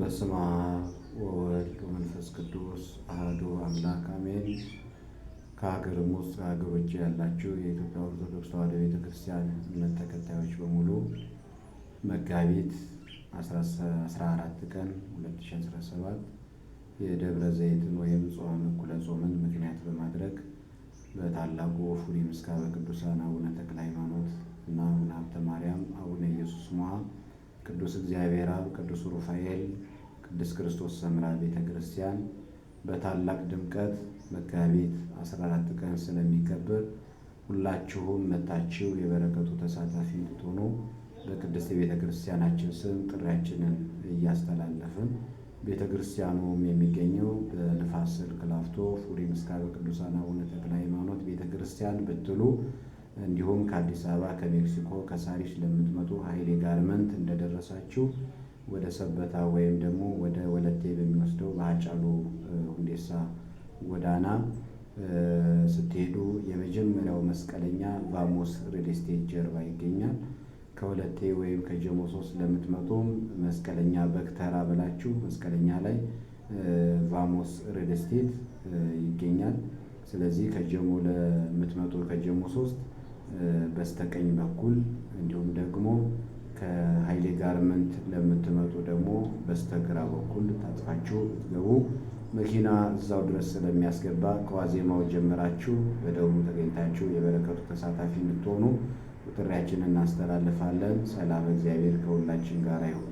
በስመ አብ ወወልድ ወመንፈስ ቅዱስ አሐዱ አምላክ አሜን። ከሀገርም ውስጥ ከሀገር ውጭ ያላችሁ የኢትዮጵያ ኦርቶዶክስ ተዋሕዶ ቤተክርስቲያን እምነት ተከታዮች በሙሉ መጋቢት 14 ቀን 2017 የደብረ ዘይትን ወይም ጾመ እኩለ ጾምን ምክንያት በማድረግ በታላቁ ፉሪ ምስካበ ቅዱስ እግዚአብሔር አብ፣ ቅዱስ ሩፋኤል፣ ቅዱስ ክርስቶስ ሰምራ ቤተ ክርስቲያን በታላቅ ድምቀት መጋቢት 14 ቀን ስለሚከበር ሁላችሁም መታችሁ የበረከቱ ተሳታፊ እንድትሆኑ በቅድስት ቤተ ክርስቲያናችን ስም ጥሪያችንን እያስተላለፍን ቤተ ክርስቲያኑም የሚገኘው በንፋስ ስልክ ላፍቶ ፉሪ ምስካበ ቅዱሳን አቡነ ተክለ ሃይማኖት ቤተ ክርስቲያን ብትሉ እንዲሁም ከአዲስ አበባ ከሜክሲኮ ከሳሪስ ለምትመጡ ሀይሌ ጋርመንት እንደደረሳችሁ ወደ ሰበታ ወይም ደግሞ ወደ ወለቴ በሚወስደው በአጫሉ ሁንዴሳ ጎዳና ስትሄዱ የመጀመሪያው መስቀለኛ ቫሞስ ሪል ስቴት ጀርባ ይገኛል። ከወለቴ ወይም ከጀሞ ሶስት ለምትመጡም መስቀለኛ በክተራ ብላችሁ መስቀለኛ ላይ ቫሞስ ሪል ስቴት ይገኛል። ስለዚህ ከጀሞ ለምትመጡ ከጀሞ ሶስት በስተቀኝ በኩል እንዲሁም ደግሞ ከሃይሌ ጋርመንት ለምትመጡ ደግሞ በስተግራ በኩል ታጥፋችሁ ብትገቡ መኪና እዛው ድረስ ስለሚያስገባ ከዋዜማው ጀምራችሁ በደቡብ ተገኝታችሁ የበረከቱ ተሳታፊ እንድትሆኑ ጥሪያችንን እናስተላልፋለን። ሰላም፣ እግዚአብሔር ከሁላችን ጋር ይሁን።